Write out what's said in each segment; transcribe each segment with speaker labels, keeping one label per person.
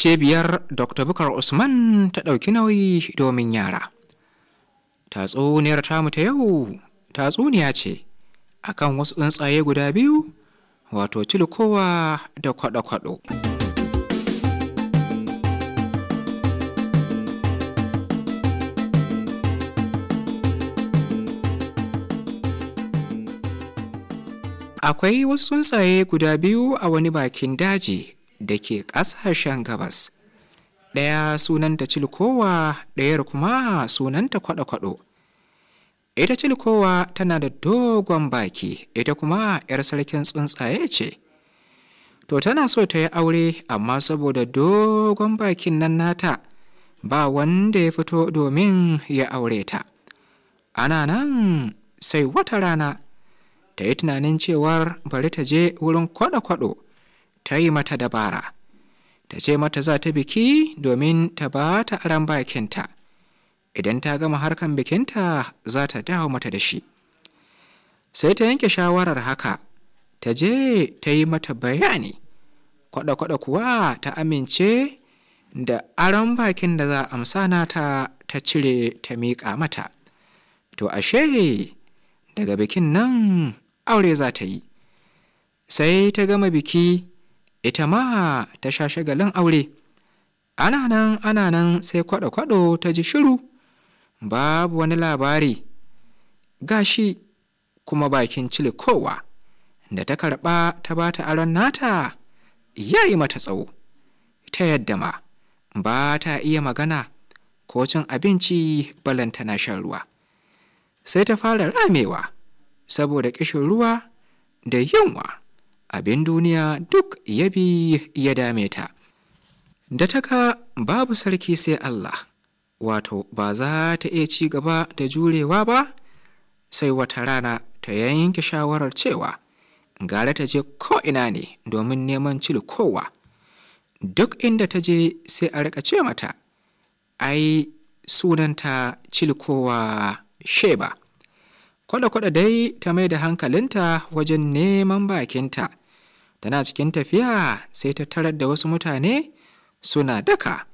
Speaker 1: cibiyar dr bukar usman ta ɗauki nauyi domin yara tatsuniyar tamu ta yau tatsuniya ce akan wasu tsuntsaye guda biyu wato cilikowa da kwaɗo-kwaɗo akwai wasu tsuntsaye guda biyu a wani bakin daji da ke ƙasashen gabas ɗaya sunanta cilkowa ɗayar kuma sunanta kwaɗo-kwaɗo ita cilkowa tana da dogon baki ita kuma 'yar sarkin tsuntsaye ce to tana so ta yi aure amma saboda dogon bakin nan nata ba wanda ya fito domin ya aure ta ana nan sai wata rana ta yi tunanin cewar bari ta je wurin kwaɗo-kwaɗo ta yi mata dabara ta ce mata za ta biki domin ta ba ta aran bakinta idan ta gama harkan bikinta za ta dawo mata da shi sai ta yanke shawarar haka ta je ta yi mata bayani kwada-kwada kuwa ta amince da aron bakin da za a amsa nata ta cire ta miƙa mata to ashe daga bikin nan aure za ta yi sai ta gama biki ita ma ta sha shagalin aure ana nan ana nan sai kwaɗo-kwaɗo ta ji shiru babu wani labari gashi kuma bakin cilikowa da ta karɓa ta ba ta aron nata ya yi mata tsawo ta yadda ma ba ta iya magana ko cin abinci balanta na shan ruwa sai ta fara ramewa saboda ƙishin ruwa da yunwa abin duniya duk ya bi ya dame ta da ta ka, babu sarki sai Allah wato ba za ta iya ci gaba da jurewa ba sai wata rana ta yanke shawarar cewa gara ta je ko'ina ne domin neman cilkowa duk inda ta je sai a rika ce mata ai sunanta cilkowa sheba kwada-kwada dai ta mai da hankalinta wajen neman bakinta tana cikin tafiya sai ta tarar da wasu mutane suna daka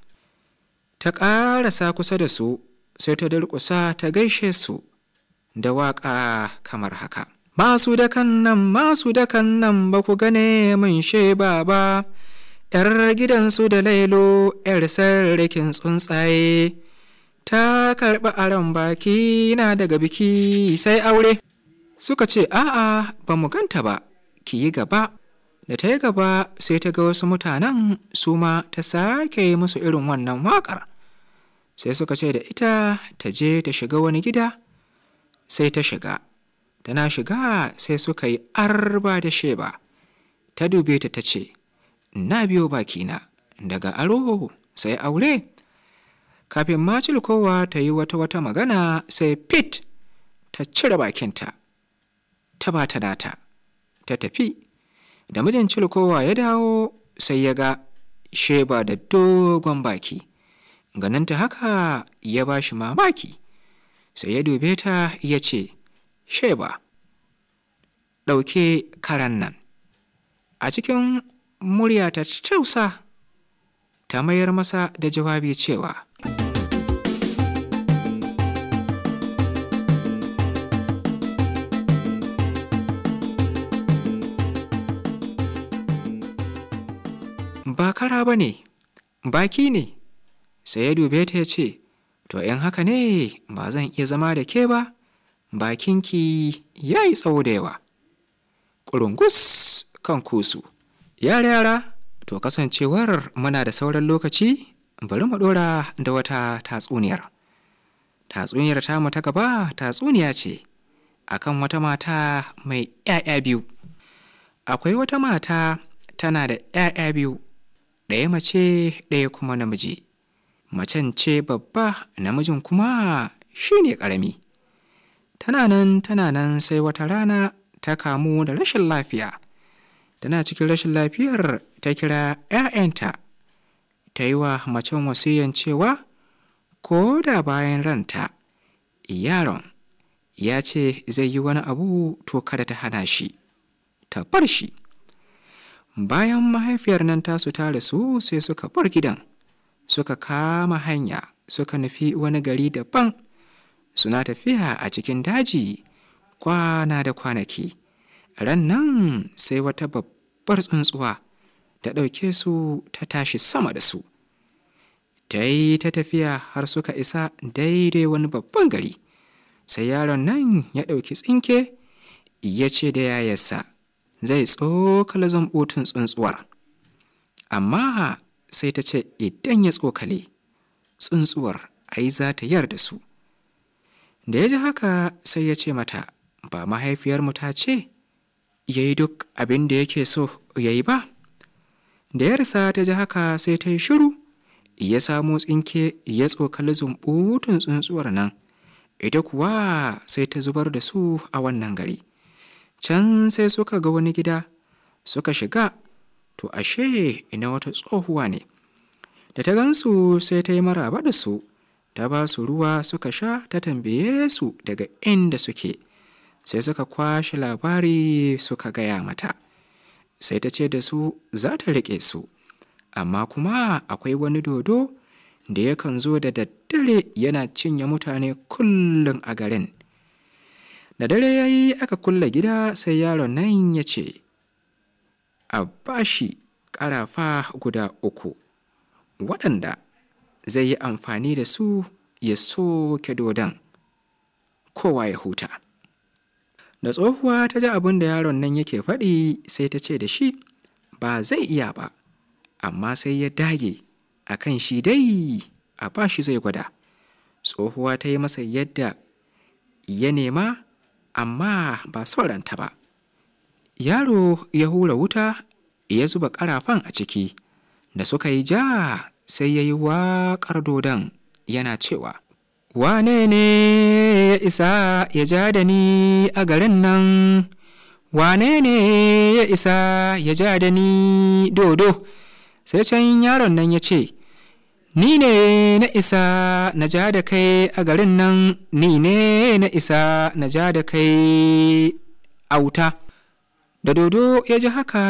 Speaker 1: ta ƙarasa kusa da su sai ta durƙusa ta gaishe su da waƙa kamar haka masu dakan nan masu dakan nan ba ku gane mun sheba ba ‘yar gidansu da lailo ‘yar sarrakin tsuntsaye ta karɓi aron baki na daga biki sai aure suka ce a'a ba mu ganta ba ki yi gaba da ta yi gaba sai ta ga wasu mutanen su ma ta sake yi musu irin wannan waƙar sai suka ce da ita ta je ta shiga wani gida sai ta shiga tana shiga sai suka yi arba da sheba ta dube ta ta ce na biyo bakina daga aro sai aure kafin ma kowa ta yi wata wata magana sai pit ta cire bakinta ta ba ta nata ta tafi da mijin cilkowa ya dawo sai ya ga sheba da dogon baki ta haka ya ba shi mamaki sai ya dube ta ya ce sheba ɗauke karan nan a cikin murya ta tausa ta mayar masa da jawabi cewa ba kara ba ne baki ne sai ya dube ta ya ce to in haka ne ba zan iya zama da ke ba bakinki ya yi tsawo da yawa ƙurungus kan kusu yara yara to kasancewar muna da sauran lokaci bari mu ɗora da wata tatsuniyar tatsuniyar ta mu ta gaba tatsuniya ce akan wata mata mai ‘ya'ya biyu akwai wata mata tana da ‘ya'ya biyu ɗaya mace ɗaya kuma namiji macen ce babba namijin kuma shine ƙarami tana nan tana nan sai wata rana ta kamu da rashin lafiya tana cikin rashin lafiyar ta kira 'ya'yanta ta yi wa macen wasiyan cewa ko da bayan ranta yaron ya ce zai yi wani abu to kada ta hana shi ta bar shi bayan mahaifiyar nan su ta rasu sai suka bar gidan suka kama hanya suka nufi wani gari daban suna tafiya a cikin daji kwana da kwanaki ran nan sai wata babbar tsuntsuwa ta ɗauke su ta tashi sama da su ta yi ta tafiya har suka isa daidai wani babban gari sai yaron nan ya ɗauki tsinke ya ce da yayarsa zai tsokale zambutun tsuntsuwar amma sai ta ce idan ya tsokale tsuntsuwar ai za ta da su da ya ji haka sai ya ce mata ba mahaifiyarmu ta ce ya yi duk abin da yake so ya yi ba da yarsa ta ji haka sai ta yi shiru ya samo tsinke ya tsokali zumbutun tsuntsuwar nan ita kuwa sai ta zubar da su a wannan gari can sai suka ga wani gida suka shiga to ashe ina wata tsohuwa ne da ta gansu sai ta yi maraba da su ta ba su ruwa suka sha ta tambaye su daga inda suke sai suka kwashe labari suka gaya mata sai ta ce da su za ta riƙe su amma kuma akwai wani dodo da yakan zo da daddare yana cinye mutane kullum a garin da dare ya yi aka kulle gida sai yaron nan ya ce a bashi ƙarafa guda uku waɗanda zai yi amfani da su ya soke dodon kowa ya huta da tsohuwa ta ji abin da yaron nan yake faɗi sai ta ce da shi ba zai iya ba amma sai ya dage a kan shi dai a bashi zai gwada tsohuwa ta yi masa yadda ya nema amma ba su ranta ba yaro ya hura wuta ya zuba karafan a ciki da suka yi ja sai ya yi waƙar dodon yana cewa wane ne ya isa ya ja da ni a garin nan wane ne ya isa ya ja da ni dodo sai can yaron nan ya ce ni ne na isa na ja da kai a garin nan ni ne na isa na ja da kai auta da dodo ya ji haka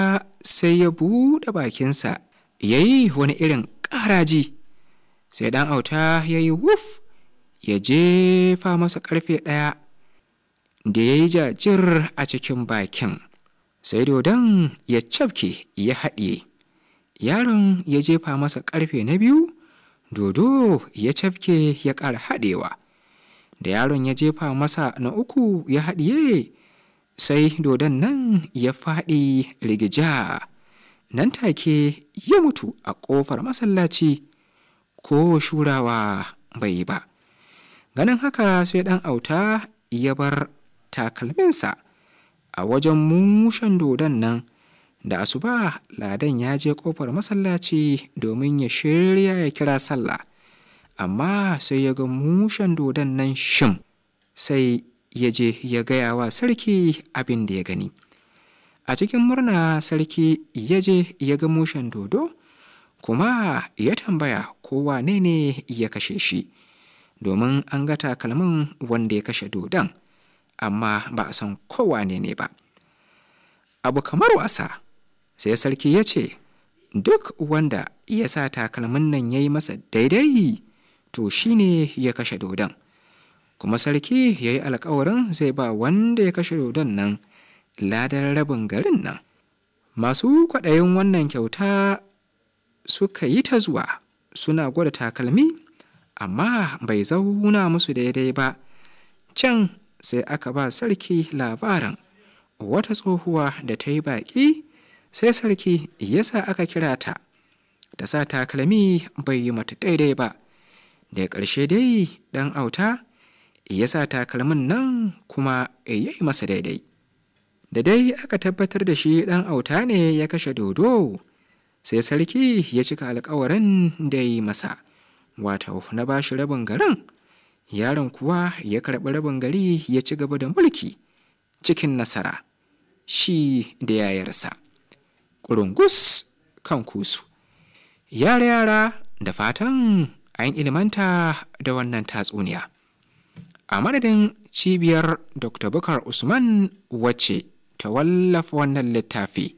Speaker 1: sai ya buɗe bakinsa ya yi wani irin ƙaraji sai ɗan auta ya yi wuf ya jefa masa ƙarfe ɗaya da ya yi jajir a cikin bakin sai dodon ya cafke ya haɗe. yaron ya jefa masa ƙarfe na biyu dodo ya cafke ya ƙara haɗewa da yaron ya jefa masa na uku ya haɗiye sai dodon nan ya faɗi rigija nan take ya mutu a ƙofar masallaci ko shurawa bai ba ganin haka sai ɗan auta ya bar takalminsa a wajen mushen dodon nan da asuba ladan ya je kofar masallaci domin ya shirya ya kira sallah amma sai ya ga mushen dodon nan shim sai ya je ya gaya wa sarki abin da ya gani a cikin murna sarki ya je ya ga mushen dodo kuma ya tambaya kowa ne ne ya kashe shi domin an ga takalmin wanda ya kashe dodon amma ba a san kowa ne ne ba abu kamar wasa sai sarki ya ce duk wanda ya sa takalmin nan ya yi masa daidai to shi ne ya kashe dodon kuma sarki ya yi alkawarin zai ba wanda ya kashe dodon nan ladar rabin garin nan masu kwaɗayin wannan kyauta suka yi ta zuwa suna gwada takalmi amma bai zauna musu daidai ba can sai aka ba sarki labaran wata tsohuwa da ta yi baƙi sai sarki ya sa aka kira ta ta sa takalmi bai yi mata daidai ba da ƙarshe dai ɗan auta ya sa takalmin nan kuma ya yi masa daidai da dai aka tabbatar da shi ɗan auta ne ya kashe dodo sai sarki ya cika alkawarin da ya yi masa wato na ba shi rabin garin yaron kuwa ya karɓi rabin gari ya ci gaba da mulki cikin nasara shi da yayarsa ƙurungus kan kusu yara-yara da fatan an ilimanta da wannan tatsuniya a madadin cibiyar dr bukar usman wacce ta wallafa wannan littafi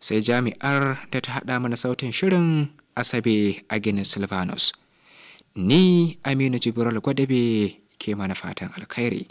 Speaker 1: sai jami'ar da ta haɗa mana sautin shirin asabe a ginin silvanus ni aminu jibiral gwadabe ke mana fatan alkhairi